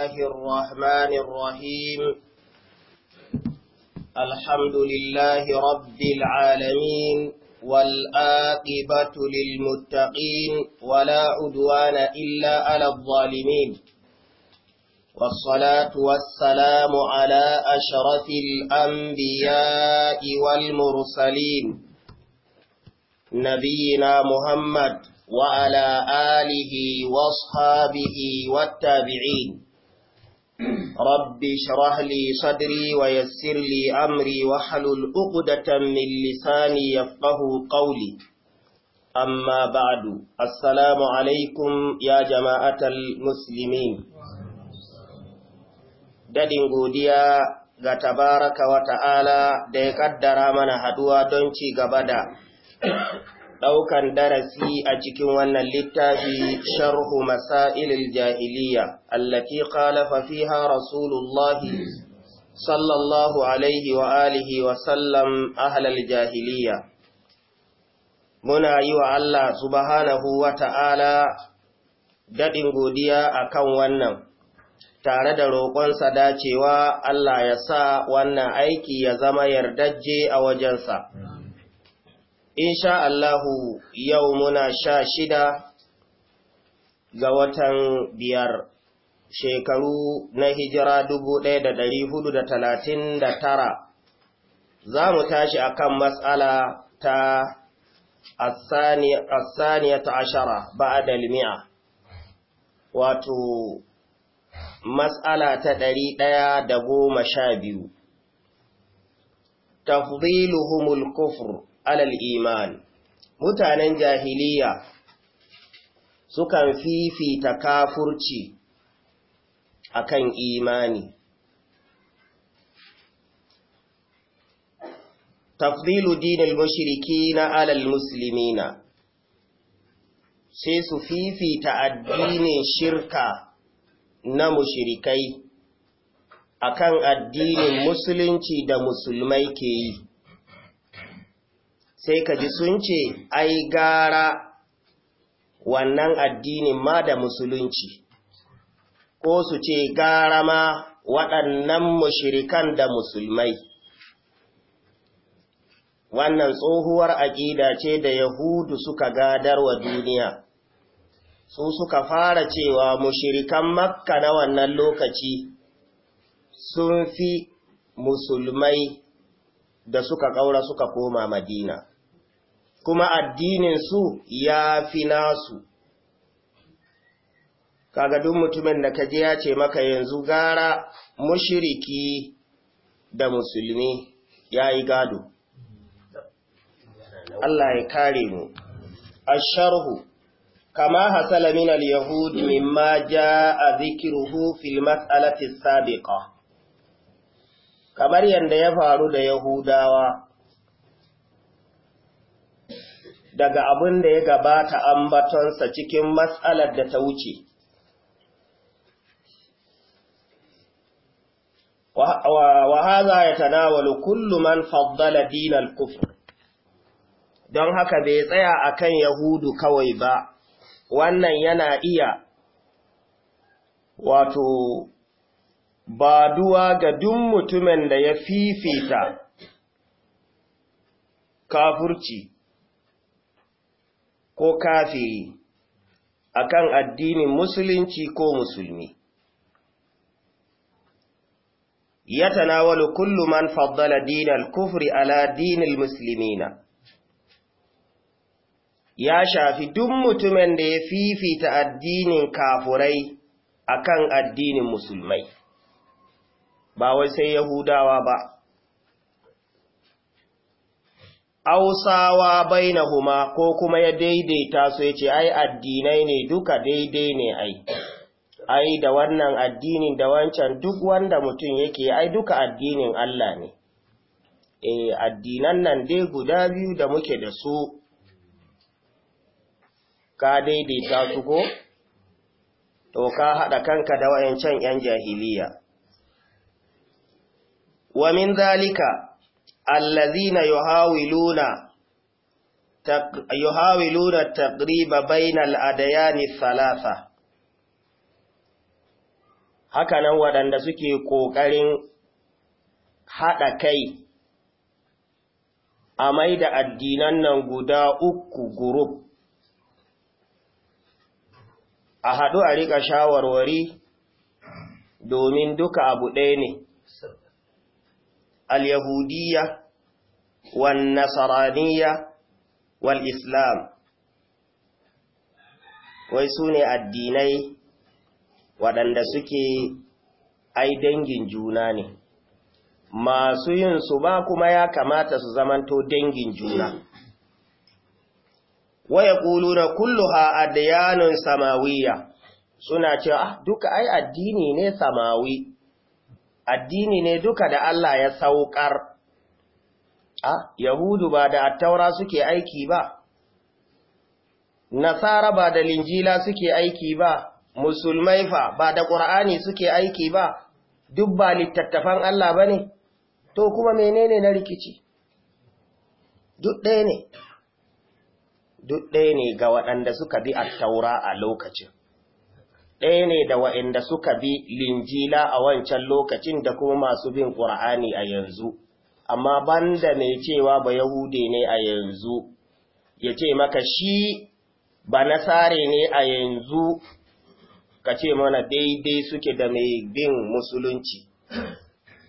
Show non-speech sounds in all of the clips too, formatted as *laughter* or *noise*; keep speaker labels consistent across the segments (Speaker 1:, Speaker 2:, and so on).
Speaker 1: الله الرحمن الرحيم الحمد لله رب العالمين والآقبة للمتقين ولا عدوان إلا على الظالمين والصلاة والسلام على أشرف الأنبياء والمرسلين نبينا محمد وعلى آله واصحابه والتابعين Rabbi sharahli sadri wa yassirli amri wa halul uqdatan min lisani yafqahu qawli amma ba'adu, assalamu alaikum ya jama'atal muslimin dadin godiya ga tabaraka wa ta'ala da ya kaddara mana haduwa don ci gaba da ɗaukan darasi a cikin wannan littafi sharhu masailil jahiliya allati qalafa fiha rasulullahi sallallahu alaihi wa alihi wa sallam ahlal jahiliya muna yi wa Allah subhanahu wa ta'ala daɗin godiya a kan wannan tare da roƙonsa dacewa Allah ya sa wannan aiki ya zama yardajje a wajensa insha Allahu yau muna sha shida ga watan biyar shekaru na hijira dubu ɗaya da ɗari hudu da talatin da tara za mu tashi kan matsala ta asaniya ta ashara ba a wato matsala ta ɗari ɗaya da goma sha biyu tafdiluhumul kufur alal iman mutanen jahiliya sukan fifita kafurci akan imani tafdilu dinil mushrikina alal muslimina sai su fifita addinin shirka na mushrikai akan addinin musulunci da musulmai ke yi sai ka ji sun ce ai gara wannan addinin ma da musulunci ko su ce gara ma waɗannan mushirikan da musulmai wannan tsohuwar aƙida ce da yahudu suka gadarwa duniya su suka fara cewa mushirikan makka na wannan lokaci sun fi musulmai da suka ƙaura suka koma madina kuma addinin su ya fi nasu. Kaga duk mutumin da kaji ya ce maka yanzu gara mushiriki da musulmi ya yi gado. Allah ya kare mu. Asharhu, kama hasala min al-Yahud mimma jaa dhikruhu fil mas'alati as-sabiqah. Kamar yanda ya faru da Yahudawa daga abin da ya gabata an batonsa cikin matsalar da ta wuce. Wa haza ya tanawalu kullu man faddala dinar kufr. Don haka bai tsaya a kan Yahudu kawai ba, wannan yana iya wato baduwa ga duk mutumin da ya fifita kafurci ko kafiri akan addinin musulunci ko musulmi Ya yatanawalu kullu man faddala dinal kufri ala dinil na. ya shafi duk mutumin da ya fifita addinin kafurai akan addinin musulmai ba wai sai yahudawa ba ausawa huma ko kuma ya daidaita su ya ce ai addinai ne duka daidai ne ai ai da wannan addinin da wancan duk wanda mutum yake ai duka addinin Allah ne e addinan nan dai guda biyu da muke da su ka daidaita su ko to ka hada kanka da wayancan yan jahiliya wa zalika allazina yuhawiluna yuhawiluna taqriba bainal adayani Haka hakanan waɗanda suke ƙoƙarin haɗa kai a mai da addinan nan guda uku guruf. a haɗu a riƙa shawarwari domin duka abu ɗaya ne al-yahudiyya والنصرانية والإسلام ويسوني الديني ودندسكي أي دنجين ne, masu yin su ba kuma ya kamata su zamanto dangin juna waya kuluna kulluha adyanun samawiyya suna cewa duka ai addini ne samawi addini ne duka da Allah ya saukar a yahudu ba da attaura suke aiki ba nasara ba da linjila suke aiki ba musulmai fa ba da ƙur'ani suke aiki ba duk ba littattafan Allah ba ne to kuma menene na rikici duk ɗaya ne duk ɗaya ne ga waɗanda suka bi attaura a lokacin ɗaya ne da waɗanda suka bi linjila a wancan lokacin da kuma masu bin ƙur'ani a yanzu amma banda mai cewa ba Yahude ne a yanzu, ya ce maka shi ba nasare ne a yanzu, ka ce mana daidai suke da mai bin musulunci,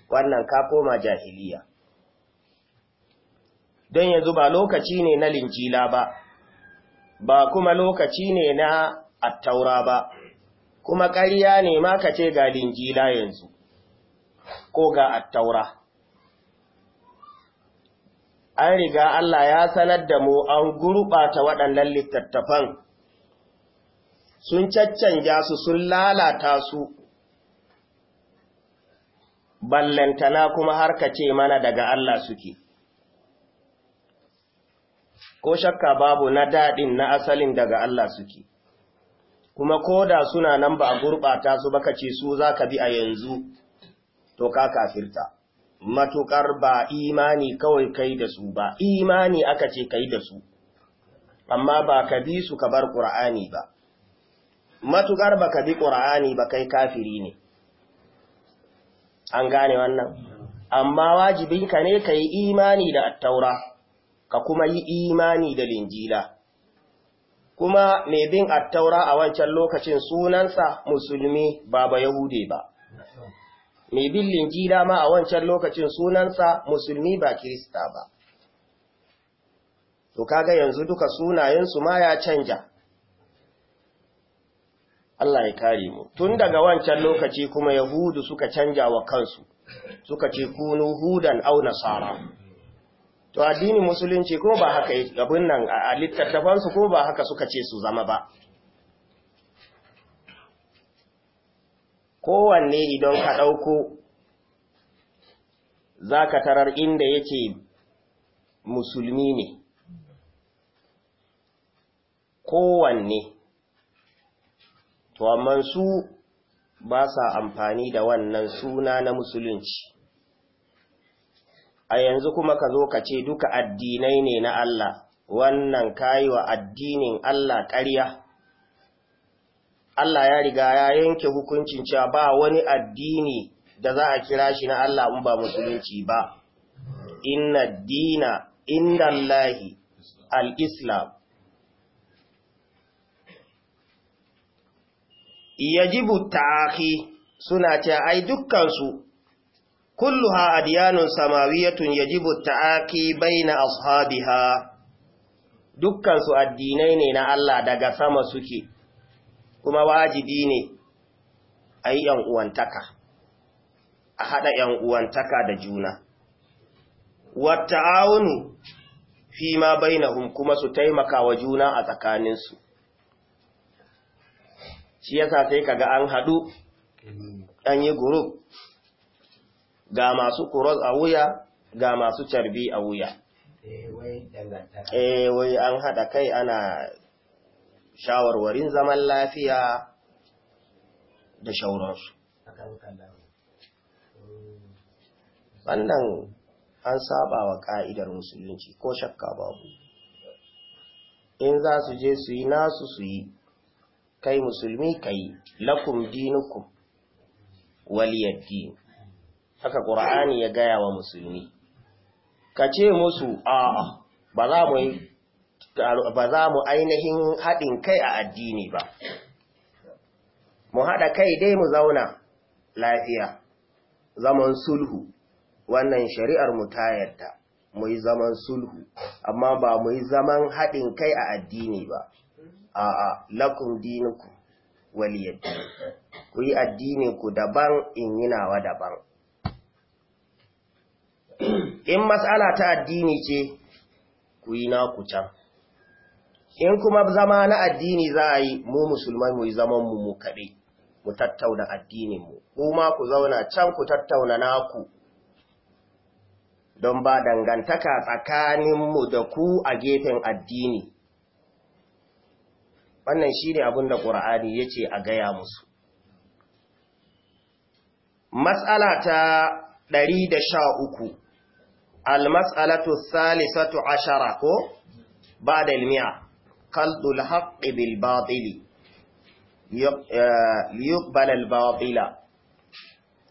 Speaker 1: wannan ka koma jahiliya. Don yanzu ba lokaci ne na linjila ba, ba kuma lokaci ne na attaura ba, kuma ƙarya ne ma ka ce ga linjila yanzu, ko ga attaura. an riga Allah ya sanar da mu an gurɓata waɗannan littattafan sun caccanja su sun lalata su ballantana kuma har ka ce mana daga Allah suke. Ko shakka babu na daɗin na asalin daga Allah suke, kuma ko da suna nan ba a gurɓata su baka ce su za ka bi a yanzu, to ka kafirta. matukar ba imani kawai kai da su ba imani aka ce kai da su amma ba ka bi su ka bar ƙur'ani ba matukar ba ka bi ƙur'ani ba kai kafiri ne an gane wannan amma wajibinka ne ka yi imani da attaura ka kuma yi imani da linjila kuma mai bin attaura a wancan lokacin sunansa musulmi ba ba yahude ba mai bin linjila ma a wancan lokacin sunansa musulmi ba kirista ba. To kaga yanzu duka sunayensu ma ya canja. Allah ya kare mu. Tun daga wancan lokaci kuma Yahudu suka canja wa kansu, suka ce kunu hudan au nasara. To addinin musulunci ko ba haka abin nan a littattafansu kuma ba haka suka ce su zama ba. kowanne idan ka ɗauko za ka tarar inda yake musulmi ne kowanne to amma su ba sa amfani da wannan suna na musulunci a yanzu kuma ka zo ka ce duka addinai ne na Allah wannan kayi wa addinin Allah ƙarya Allah ya riga ya yanke hukuncin cewa ba wani addini da za a kira shi na Allah in ba musulunci ba. Inna dina inda Allahi Al'Islam. islam Yajibu ta'aki suna ce, ai dukkansu, kulluha adiyanun samawiyatun yajibu ta'aki, bai na ha. dukkansu addinai ne na Allah daga sama suke. kuma wajibi ne a yi uwantaka, a haɗa uwantaka da juna. Wata aunu fi ma hun kuma su taimaka wa juna a tsakaninsu. Shi yasa sai kaga an haɗu, an yi gurub, ga masu kuros a wuya, ga masu carbi a wuya. Ewai eh, eh, an haɗa kai ana shawarwarin zaman lafiya da shauransu. Wannan an saba wa ƙa'idar musulunci ko shakka babu. In za su je su yi nasu su yi, kai musulmi kai lakum dinukum waliyaddini. Haka Ƙur'ani ya gaya wa musulmi. Ka ce musu, a'a, ba za mu yi ba za mu ainihin haɗin kai a addini ba mu haɗa kai dai mu zauna lafiya zaman sulhu wannan shari'ar mu ta yarda mu yi zaman sulhu amma ba mu yi zaman haɗin kai a addini ba a'a lakum dinuku waliyaddi ku yi addini ku daban in yi nawa daban in matsala ta addini ce ku yi naku can in kuma zama na addini za a yi mu musulmai mu yi zaman mu mu kaɗai mu tattauna addinin mu kuma ku zauna can ku tattauna na ku? don ba dangantaka tsakaninmu da ku a gefen addini wannan shi ne abin da ƙura'ani ya ce a gaya musu matsala ta 113 al-matsalatu salisatu ashara ko ba da ilmiya خلط الحق بالباطل ليقبل الباطل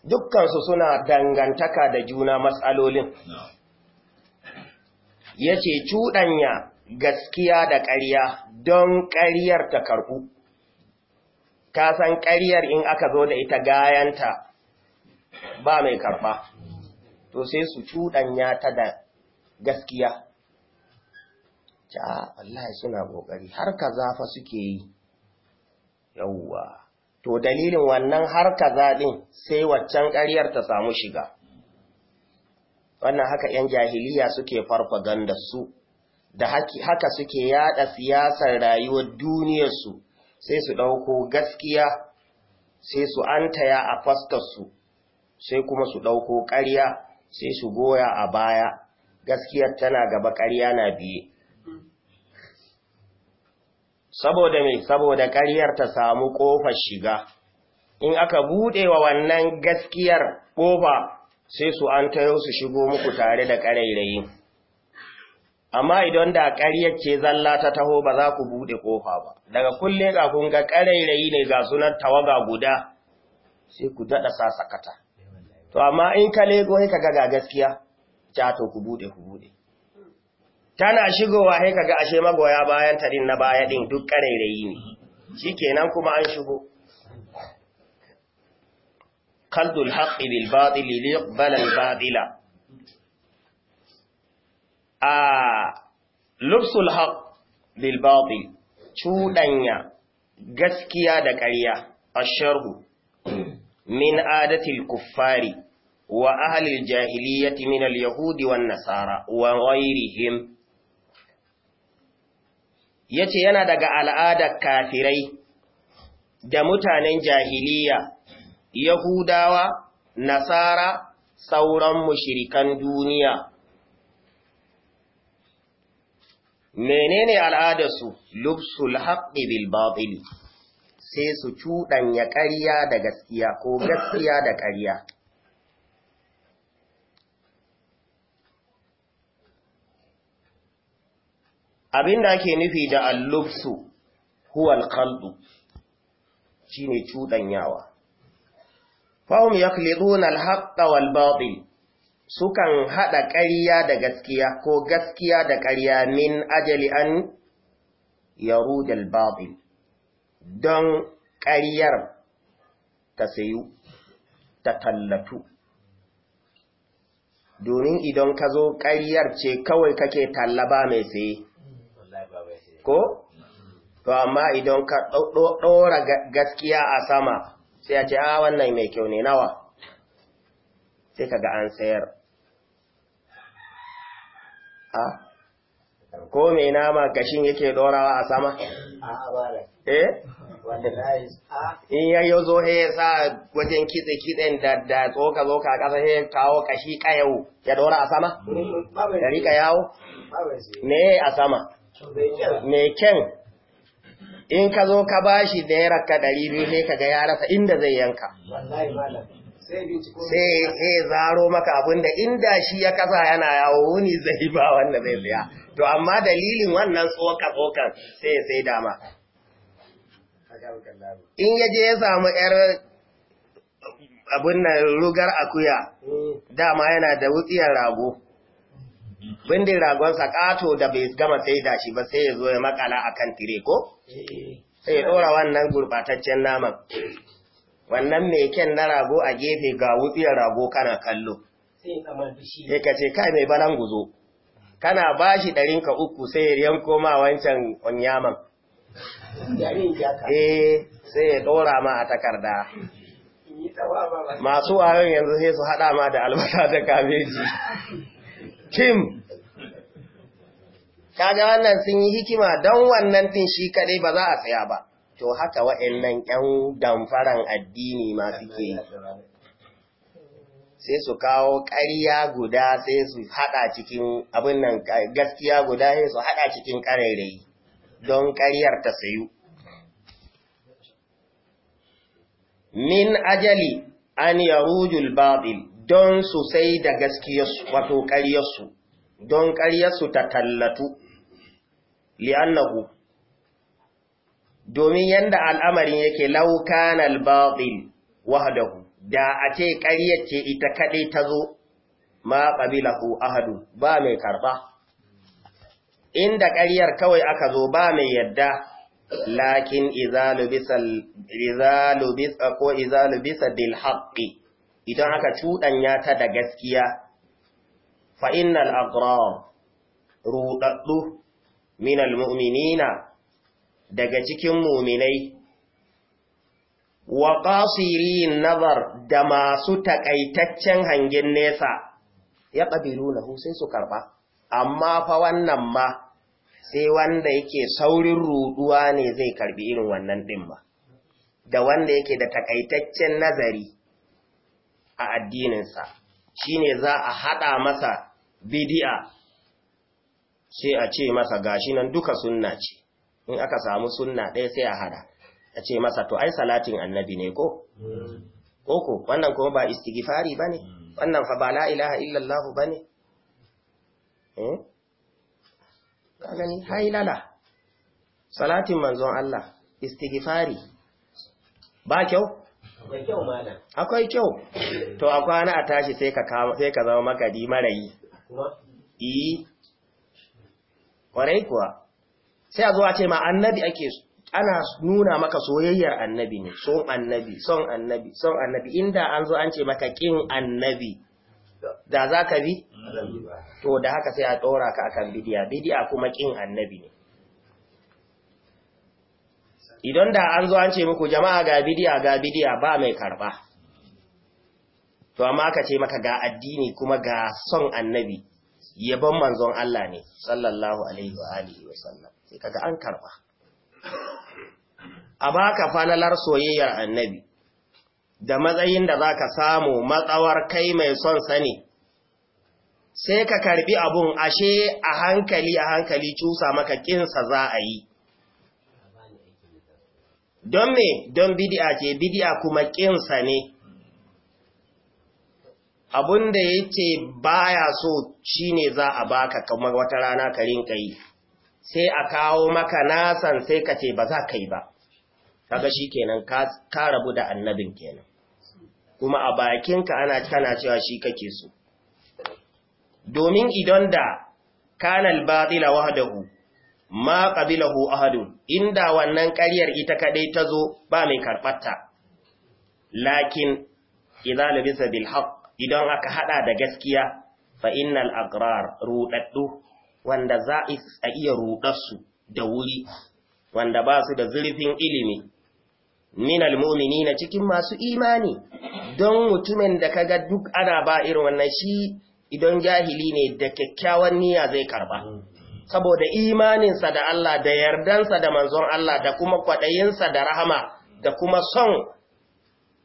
Speaker 1: dukkansu suna dangantaka da juna matsalolin yace cuɗanya gaskiya da ƙarya don ƙaryar ta karɓu ka san ƙaryar in aka zo da ita gayanta ba mai karɓa to sai su cuɗanya ta da gaskiya ta ah, wallahi suna kokari har kaza fa suke yi yawwa to dalilin wannan har kaza din sai waccan ƙaryar ta samu shiga wannan haka yan jahiliya suke farfaganda su da haka suke yada siyasar rayuwar duniyarsu, su sai su dauko gaskiya sai su antaya a fastar su sai kuma su ɗauko ƙarya sai su goya a baya gaskiyar tana gaba ƙarya na biye saboda mai saboda ƙaryar ta samu ƙofar shiga in aka buɗe wa wannan gaskiyar ƙofa sai su an tayo su shigo muku tare da ƙarairayi amma idan da ƙaryar ce zalla ta taho ba za ku buɗe ƙofa ba daga kulle ga kun ga ƙarairayi ne ga sunan tawaga guda sai ku daɗa sa sakata to amma in ka lego sai ka ga gaskiya cato ku buɗe ku buɗe tana shigowa sai kaga ashe magoya bayan tarin na baya din duk karairayi ne kenan kuma an shigo qaldul haqqi bil batili li yaqbala al batila a lubsul haqq bil batil chudanya gaskiya da ƙarya asharhu min adatil kuffari wa ahli al jahiliyyati min al yahudi wan nasara wa ghayrihim ya ce yana daga al'adar kafirai da mutanen jahiliya, Yahudawa, Nasara, sauran mushirikan duniya. Menene al'adarsu? Lubsul haqqi bil sai su cuɗanya ƙarya da gaskiya ko gaskiya da ƙarya. Abin da ake nufi da allubsu huwal khaldu shine cudanyawa fahum yakhliduna al-haqqa wal batil sukan hada ƙarya da gaskiya ko gaskiya da ƙarya min ajali an yarud al-batil don ƙaryar ta sayu ta tallatu domin idan ka zo ƙaryar ce kawai kake tallaba mai saye ko? To, amma idan ka ɗora gaskiya a sama, sai a ce, "A ah, wannan mai kyau ne nawa?" Sai ka ga an sayar. A? Ko mai nama gashin yake ɗorawa a sama? Eh? In ya yi zo he sa wajen kitse kitsen da da tsoka tsoka a ƙasa he kawo kashi kayau ya ɗora a sama? Mm, ya rika yawo? Me a sama? mai kyan in ka zo ka ba shi da ya ka ɗari biyu ne ka ga ya rasa inda zai yanka sai ya zaro maka abinda inda shi ya kasa yana yawo wuni zai ba wanda zai siya to amma dalilin wannan tsoka-tsokan sai ya sai dama in ya je ya samu 'yar abin nan rugar akuya hmm. dama yana da wutsiyar rago bindin sa, ƙato da bai gama saida shi ba sai ya zo ya makala a kan tire ko? sai ya ɗora wannan gurɓataccen naman wannan mai kyan na rago a gefe ga wutsiyar rago kana kallo sai ka ce kai mai balan guzo kana bashi shi ɗarinka uku sai ya yanko ma wancan onyaman eh sai ya ɗora ma a takarda masu wayon yanzu sai su haɗa ma da albasa da kabeji *laughs* tim kaga wannan sun yi hikima don wannan tin shi kaɗai ba za a tsaya ba to haka waɗannan ƴan damfaran addini ma suke yi sai su kawo ƙarya guda sai su haɗa cikin abin nan gaskiya guda sai su haɗa cikin ƙarairayi don ƙaryar ta sayu min ajali an yarujul babil don su sai da gaskiyarsu wato ƙaryarsu don ƙaryarsu ta tallatu li'annahu domin yadda al'amarin yake laukan al wahdahu da a ce ƙaryar ce ita kaɗai ta zo ma ku ahadu ba mai karɓa inda ƙaryar kawai aka zo ba mai yadda lakin izalubisa ko izalubisa bil idan aka cuɗanya ta da gaskiya fa'innal agrar ruɗaɗɗu al mu'minina daga cikin muminai wa qasirin nazar da masu taƙaitaccen hangen nesa ya ƙabilu na sai su karɓa amma fa wannan ma sai wanda yake saurin ruɗuwa ne zai karɓi irin wannan ɗin ma da wanda yake da taƙaitaccen nazari a addininsa shi ne za a haɗa masa bidi'a sai a ce masa gashi nan duka sunna ce in aka samu sunna ɗaya sai a haɗa a ce masa to ai salatin annabi ne ko koko wannan kuma ba istighfari bane wannan fa ba la ilaha illallah bane eh ka gani lala salatin manzon Allah istighfari ba kyau akwai kyau to a kwana a tashi sai ka zama magadi marayi yi ƙwarai e. kuwa sai a zuwa ce ma annabi ake ana nuna maka soyayyar annabi ne son annabi son annabi son annabi inda an zo an ce maka ƙin annabi da za ka bi to da haka sai a ɗora ka akan bidiya bidiya kuma ƙin annabi ne idan da an zo an ce muku jama'a ga bidiya ga bidiya ba mai karba to amma aka ce maka ga addini kuma ga son annabi yabon manzon Allah ne sallallahu alaihi wa alihi wa sallam sai kaga an karba a baka falalar soyayyar annabi da matsayin da zaka samu matsawar kai mai son sani sai ka karbi abun ashe a hankali a hankali cusa maka kinsa za a yi don me don bidi'a ce bidi'a kuma ƙinsa ne abun da ya ce baya so shine za a baka kamar wata rana ka rinka sai a kawo maka nasan sai ka ce ba za ka yi ba kaga shi kenan ka rabu da annabin kenan kuma a bakinka ana kana cewa shi kake so domin idan da kanal batila wahdahu ma qabilahu ahadun inda wannan ƙaryar ita kaɗai ta zo ba mai karɓarta lakin idza labisa bil idan aka haɗa da gaskiya fa innal agrar rudaddu wanda za a iya rudarsu da wuri wanda ba su da zurfin ilimi min al mu'minina cikin masu imani don mutumin da kaga duk ana ba irin wannan shi idan jahili ne da kyakkyawan niyya zai karba saboda imaninsa da Allah da yardansa da manzon Allah da kuma kwaɗayinsa da rahama da kuma son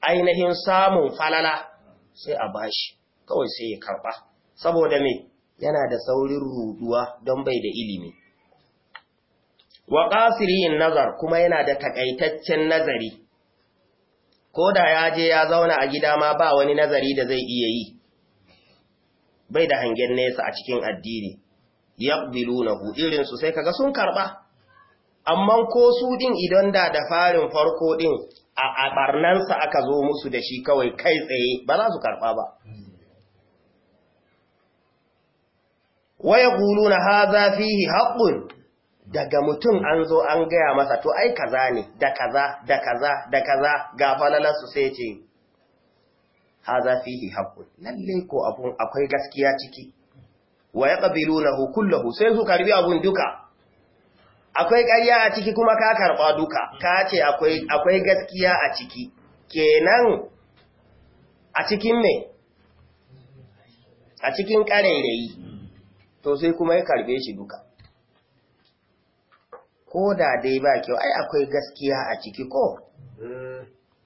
Speaker 1: ainihin samun falala sai a bashi kawai sai ya karɓa saboda me yana da saurin ruduwa don bai da ilimi wa qasiriyin nazar kuma yana da takaitaccen nazari ko da ya je ya zauna a gida ma ba wani nazari da zai iya yi bai da hangen nesa a cikin addini yaqbilunahu irin su sai kaga sun karba amma ko su din idan da da farin farko din a sa aka zo musu da shi kawai kai tsaye ba za su karba ba waya na haza fihi haqqun daga mutum an zo an gaya masa to ai kaza ne da kaza da kaza da kaza ga su sai ce haza fihi haqqun lalle ko abun akwai gaskiya ciki wa na kullahu sai su karbi abun duka akwai ƙarya a ciki kuma ka karɓa duka ka ce akwai gaskiya a ciki kenan a cikin ne a cikin ƙarairayi to sai kuma ya karbe shi duka ko da dai ba kyau ai akwai gaskiya a ciki ko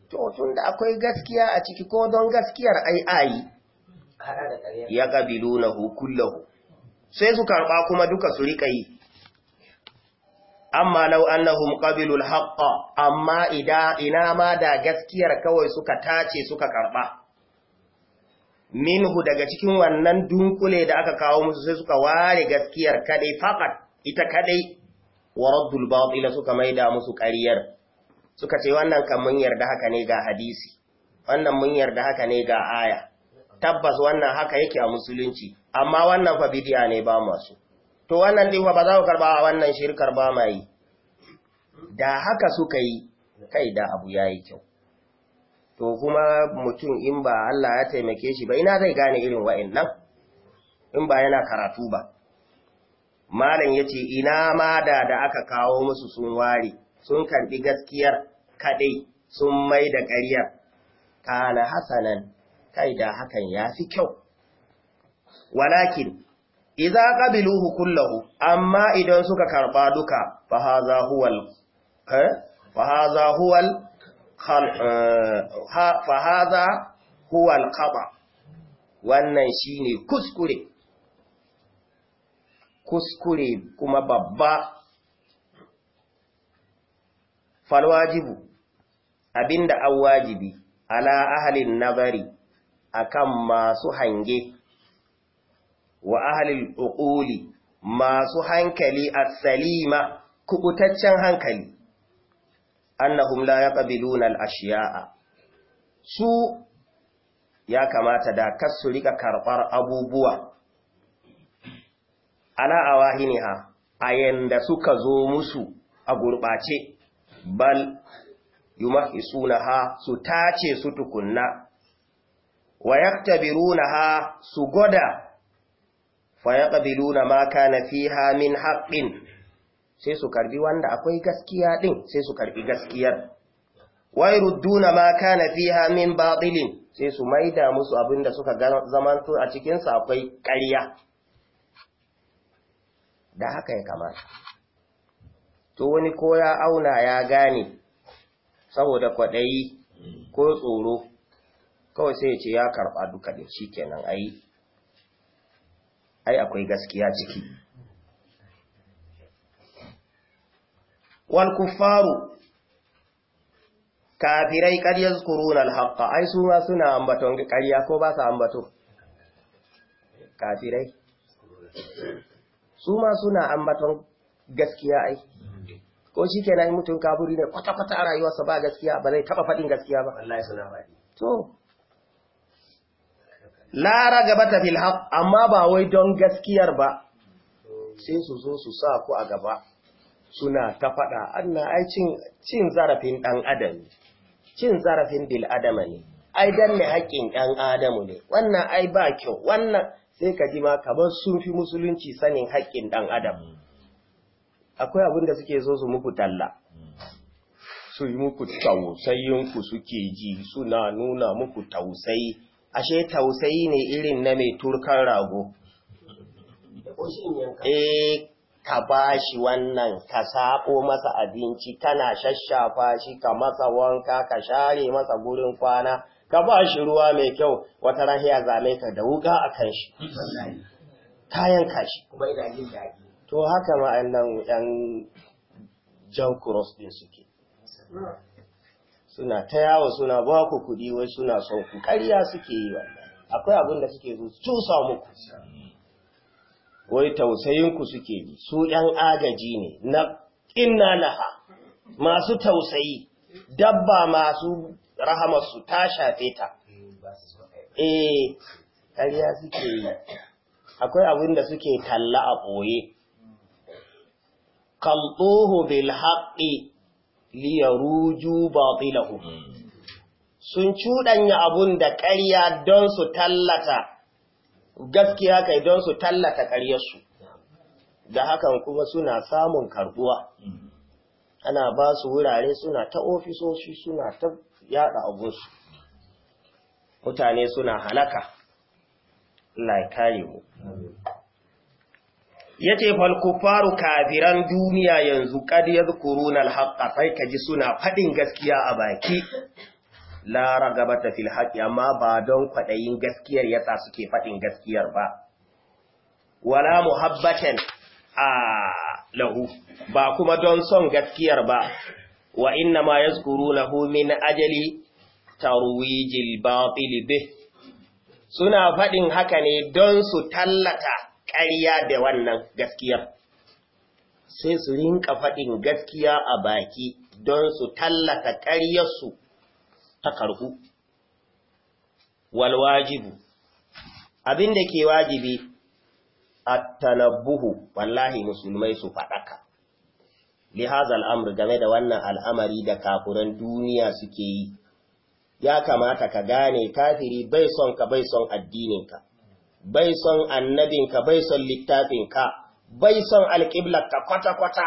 Speaker 1: to tun da akwai gaskiya a ciki ko don gaskiyar ai ai? ya ƙabilu na hukullahu sai su karɓa kuma duka su riƙa yi amma lau annahum qabilul haqqa amma ida ina ma da gaskiyar kawai suka tace suka karɓa minhu daga cikin wannan dunkule da aka kawo musu sai suka ware gaskiyar kadai faqat ita kadai wa raddul batil suka maida musu ƙaryar suka ce wannan kan mun yarda haka ne ga hadisi wannan mun yarda haka ne ga aya tabbas wannan haka yake a musulunci amma wannan fa bidiya ne ba masu to wannan din fa ba za ku karba wannan shirkar ba mai da haka suka yi kai da abu yayi kyau to kuma mutum in ba Allah ya taimake shi ba ina zai gane irin wa'annan in ba yana karatu ba malam yace ina ma da da aka kawo musu sun ware sun karbi gaskiyar kadai sun mai da ƙaryar kana hasanan kai da hakan ya fi kyau walakin idza qabiluhu kullahu amma idan suka karba duka fa hadha huwal eh fa huwal eh, fa hadha huwal wannan shine kuskure kuskure kuma babba falwajibu abinda an wajibi ala ahalin nazari akan masu hange wa ahlil uquli masu hankali as-salima kubutaccen hankali annahum la yaqbiluna al-ashiya'a su ya kamata da kasu rika karɓar abubuwa ala awahiniha a yanda suka zo musu a gurɓace, bal yumahisuna ha su tace su tukunna wa ha su goda fa yaqbiluna ma kana fiha min haqqin sai su karbi wanda akwai gaskiya din sai su karbi gaskiyar wa yurudduna ma kana fiha min batilin sai su maida musu abinda suka zaman su a cikin sa akwai ƙarya da haka ya kamata to wani ko ya auna ya gane saboda kwaɗayi ko tsoro kawai sai ya ce ya karɓa duka ne shi kenan ai ai akwai gaskiya ciki wal kuffaru kafirai ƙaryar kuruna alhaƙa ai su ma suna ambaton ƙarya ko ba su ambato kafirai su ma suna ambaton gaskiya ai ko shi kenan na yi mutum kafuri ne kwata-kwata a rayuwarsa ba gaskiya ba zai taɓa faɗin gaskiya ba Allah ya suna faɗi to
Speaker 2: la ragabata fil haq
Speaker 1: amma ba wai don gaskiyar ba sai su zo su sa ku a gaba suna ta faɗa anna ai cin cin zarafin dan adam cin zarafin bil adama ne ai dan ne ɗan adamu ne wannan ai ba kyau wannan sai ka ji ma kamar sun fi musulunci sanin haƙin ɗan adam akwai abin da suke zo su muku talla su yi muku tausayin ku suke ji suna nuna muku tausayi ashe tausayi ne irin na mai turkan rago eh ka bashi wannan ka sabo masa abinci kana shashafa shi ka masa wanka ka share masa gurin kwana ka ba shi ruwa mai kyau wata rahiya zame ka da wuka kan shi kayan kashi to haka ma'annan 'yan jan cross din suke suna ta yawa suna ba ku kuɗi wai suna son ku ƙarya suke yi wannan akwai abin da suke zo cusa muku wai tausayinku suke yi su ɗan agaji ne na inna laha masu tausayi dabba masu rahamarsu ta shafe ta eh ƙarya suke yi akwai abin da suke talla a ɓoye kalɓohu bil haƙi liyaruju batilahu hmm. sun cuɗanya abun da ƙarya don su tallata gaskiya kai don su tallata ƙaryarsu da hakan kuma suna samun karbuwa hmm. ana ba su wurare suna ta ofisoshi suna ta yada abunsu mutane suna halaka Allah ya kare mu ya ce falkufaru kafiran duniya yanzu kadi ya zukuru na alhaƙa sai ka ji suna faɗin gaskiya a baki lara gaba ta filhaƙi amma ba don kwaɗayin gaskiyar yasa suke faɗin gaskiyar ba wala muhabbatan a lahu ba kuma don son gaskiyar ba wa inna ma ya zukuru lahu min ajali tarwijil batil bih suna faɗin haka ne don su tallata ƙarya da wannan gaskiya sai su rinka faɗin gaskiya a baki don su tallata ƙaryarsu ta karhu walwajibu abin da ke wajibi a tanabbuhu wallahi musulmai su faɗaka lihaz al'amur game da wannan al'amari da kafuran duniya suke yi, ya kamata ka gane kafiri bai son ka bai son addininka, bai son annabinka bai son littafinka bai son alƙiblarka kwata-kwata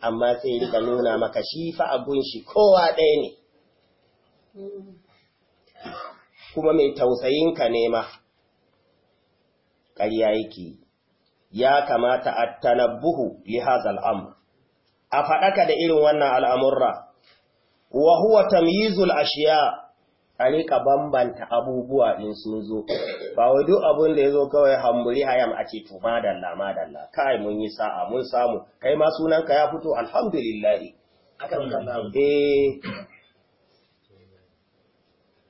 Speaker 1: amma sai rika nuna maka shi fa abun shi kowa ɗaya ne kuma mai tausayinka nema. ƙarya yake ya kamata a tanabbuhu li haza a faɗaka da irin wannan al'amurra wa huwa tamyizul ashiya a rika bambanta abubuwa in sun zo ba wai duk abin da ya zo kawai hamburi hayam a ce to madalla madalla kai mun yi sa'a mun samu kai ma sunan ka ya fito alhamdulillah eh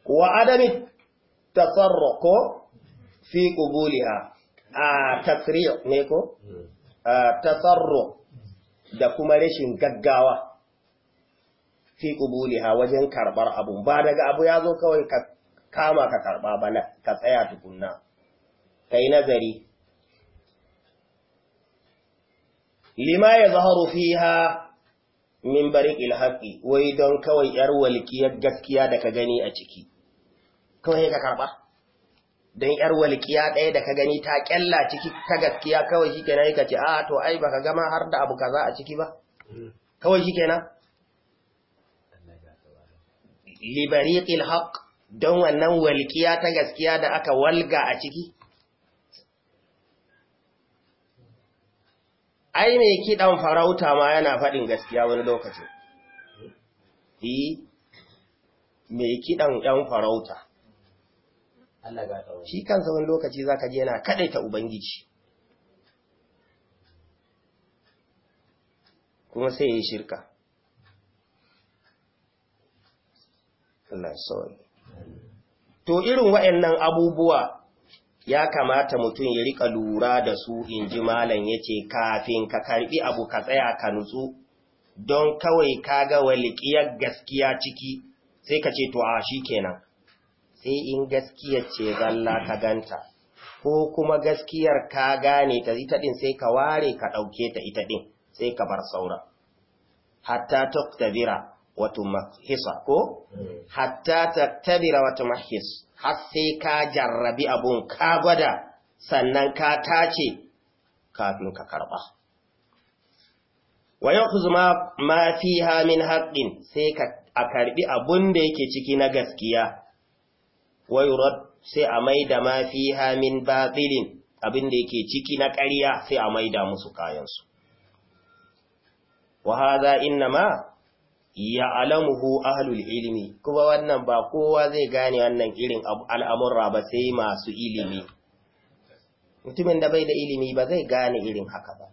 Speaker 1: wa adami tasarruqo fi qubuliha a tasri' ne ko hmm. tasarruq da kuma rashin gaggawa fi qubuliha wajen karɓar abun ba daga abu ya zo kawai ka kama ka karɓa ba na, ka tsaya tukunna yi nazari lima ya zaharu fiha min bariqil haqqi wai don kawai yar walƙiyar gaskiya da ka gani a ciki kawai ka karɓa, don yar walƙiya ɗaya da ka gani ta kyalla ciki ta gaskiya kawai shi yi ka ce a ah, to ai baka gama har da abu kaza a ciki ba hmm. kawai shi kenan. libariqil haqq don wannan walkiya ta gaskiya da aka walga a ciki ai mai kiɗan farauta ma yana faɗin gaskiya wani lokacin yi mai kiɗan ɗan farauta shi kansa wani lokaci za ka je yana kaɗaita ubangiji kuma sai ya shirka Allah sauri. To irin waɗannan abubuwa ya kamata mutum ya rika lura da su in ji malam ya ce kafin ka karɓi abu ka tsaya ka nutsu don kawai ka ga walikiyar gaskiya ciki sai ka ce to a shi kenan sai in gaskiya ce zalla ka ganta ko kuma gaskiyar ka gane ta ita ɗin sai ka ware ka ɗauke ta ita ɗin sai ka bar saura hatta tuktabira Watu mahisa ko hmm. hatta tattabira wato mahis har sai ka jarrabi abun ka gwada sannan ka tace kafin ka karba wa yakhuz ma ma fiha min haqqin sai ka a karbi abun da yake ciki na gaskiya wa yurad sai a maida ma fiha min batilin abin da yake ciki na ƙarya sai a maida musu kayansu. Wa haza inna ma Ya alamu hu ahlul ilimi, kuma wannan ba kowa zai gane wannan irin al'amurra ba sai masu ilimi mutumin da bai da ilimi ba zai gane irin haka ba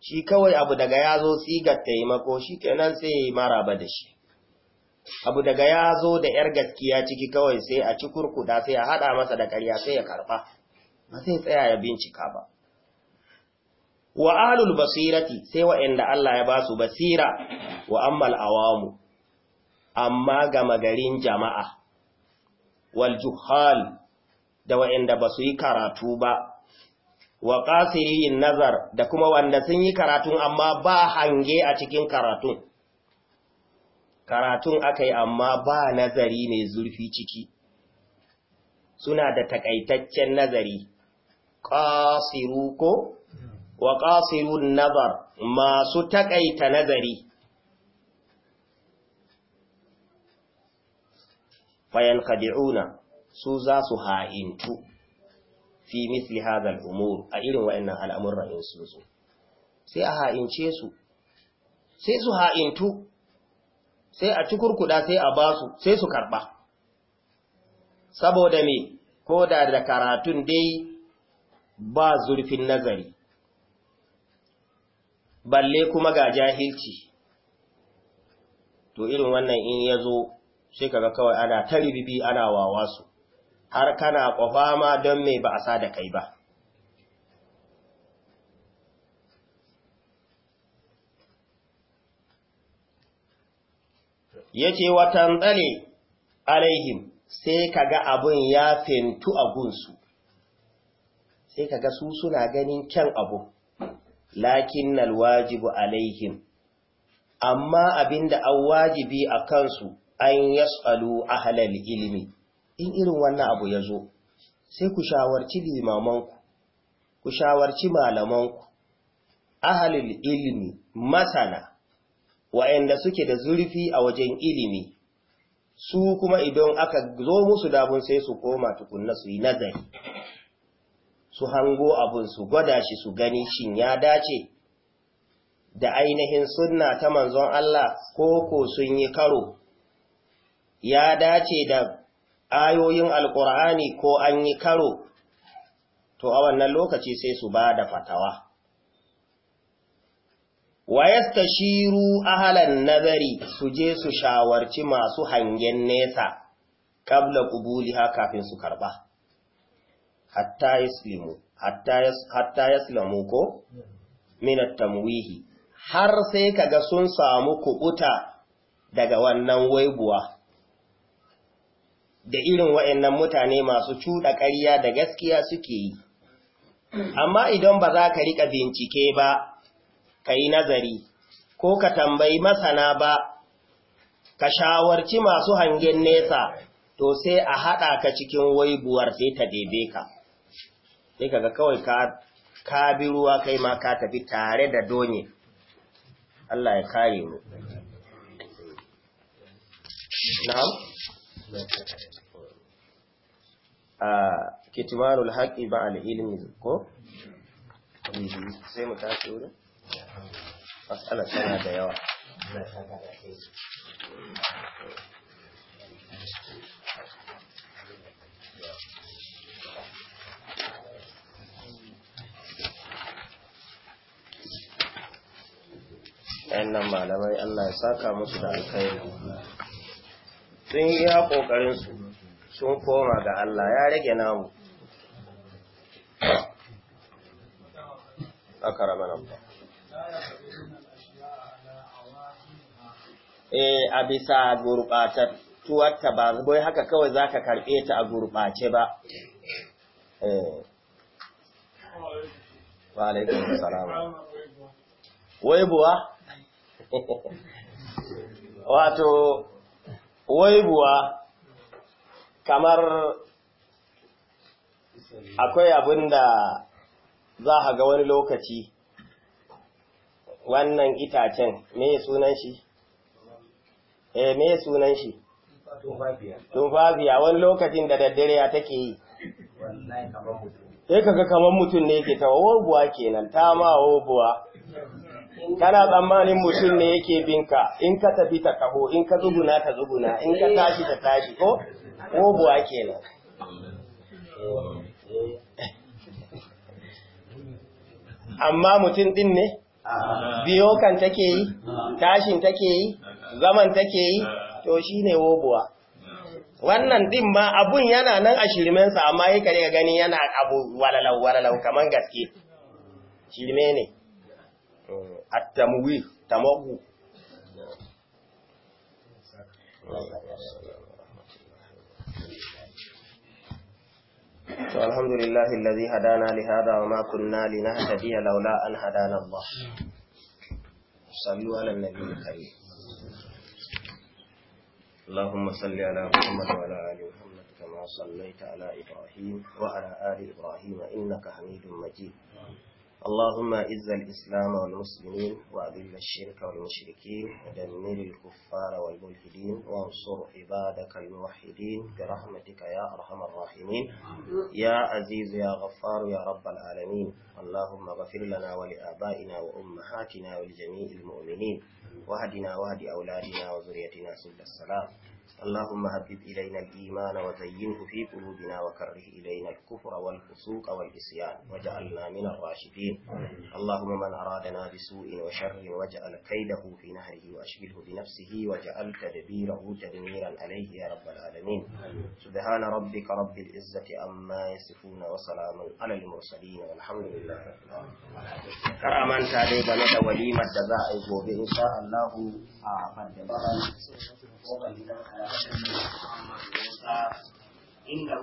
Speaker 1: shi kawai abu daga ya zo sigar taimako shi kenan sai maraba da shi abu daga ya zo da ‘yar gaskiya ciki kawai sai a ci kurkuda sai a haɗa masa da ƙarya sai ya karɓa ba sai tsaya ya bincika ba wa ahlul basirati sai wa'anda Allah ya basu basira wa ammal awamu amma ga magarin jama'a wal juhal da wa'anda basu yi karatu ba wa qasiriyin nazar da kuma wanda sun yi karatu amma ba hange a cikin karatun karatun akai amma ba nazari mai zurfi ciki suna da takaitaccen nazari qasiru ko wa ƙasimun nazar masu taƙaita nazari fayan kadi'una su za su ha'intu fi misli hazal umur a irin wa'annan al'amurra in su, sai a ha'ince su sai su ha'intu sai a cikurkuda sai a basu sai su karɓa saboda me ko da da karatun dai ba zurfin nazari balle kuma ga jahilci to irin wannan in ya zo sai kaga kawai ana ta ana wawa su har kana kwafa ma don me ba a sa da kai ba ya ce watan tsale alaihim sai kaga abun ya fintu a gunsu sai kaga su suna ganin kyan abu lakin alwajibu alaihim amma abinda an wajibi a kansu an yasalu ahlal ilimi in irin wannan abu ya zo sai ku shawarci limamanku ku shawarci malamanku ahalul ilimi masana wa'anda suke da zurfi a wajen ilimi su kuma idan aka zo musu dabun sai su koma tukunna su yi nazari su hango abin su gwada shi su gani shin ya dace da ainihin sunna ta manzon Allah ko ko sun yi karo ya dace da ayoyin alkur'ani ko an yi karo to a wannan lokaci sai su ba da fatawa wa shiru ahlan nazari su je su shawarci masu hangen nesa kabla qabla ha kafin su karba hatta yaslimu hatta ko min tamwihi har sai ka ga sun samu kubuta daga wannan waibuwa da irin waɗannan mutane masu cuɗa ƙarya da gaskiya suke yi amma idan ba za ka riƙa bincike ba ka yi nazari ko ka tambayi masana ba ka shawarci masu hangen nesa to sai a haɗa ka cikin waibuwar sai ta daidai ka sai kaga kawai ka ka bi ruwa kai ma ka tafi tare da donye Allah ya kare mu na'am a kitmarul haqqi ba al ilmi ko sai mu tashi wurin tana da yawa nan malamai Allah ya saka musu da alkhairi sun yi kokarin su sun koma ga Allah ya rage namu akara mana ba eh a bisa tuwarta ba bai haka kawai zaka karbe ta a gurbace ba eh wa alaikum assalam wai buwa *laughs* wato waibuwa kamar akwai abin da za a ga wani lokaci wannan itacen me sunan shi E, me sunan shi tumfafiya wani lokacin da daddare ya take yi sai kaga kamar mutum ne ke tawa waibuwa kenan ta ma waibuwa. kana tsammanin mutum ne yake binka in ka tafi ta kaho in ka zuguna ta zuguna in ka tashi ta tashi ko ko buwa kenan amma mutum din ne biyo kan take yi tashin take yi zaman take yi to shine wobuwa wannan din ma abun yana nan a shirmensa amma yi kare gani yana abu walalau walalau kamar gaske shirme ne التمويه تموه الحمد لله الذي هدانا لهذا وما كنا لنهتدي لولا أن هدانا الله صلوا على النبي الكريم اللهم صل على محمد وعلى آل محمد كما صليت على إبراهيم وعلى آل إبراهيم إنك حميد مجيد اللهم اعز الإسلام والمسلمين وأذل الشرك والمشركين ودمر الكفار والملحدين وانصر عبادك الموحدين برحمتك يا أرحم الراحمين يا عزيز يا غفار يا رب العالمين اللهم اغفر لنا ولآبائنا وأمهاتنا ولجميع المؤمنين واهدنا واهد أولادنا وذريتنا سبل السلام اللهم هبب إلينا الإيمان وزينه في قلوبنا وكره إلينا الكفر والفسوق والعصيان واجعلنا من الراشدين اللهم من أرادنا بسوء وشر واجعل كيده في نهره وأشغله بنفسه واجعل تدبيره تدميرا عليه يا رب العالمين سبحان ربك رب العزة أما يصفون وسلام على المرسلين والحمد لله رب العالمين كرمان تعليق وليمة دبائه وبإن شاء الله inda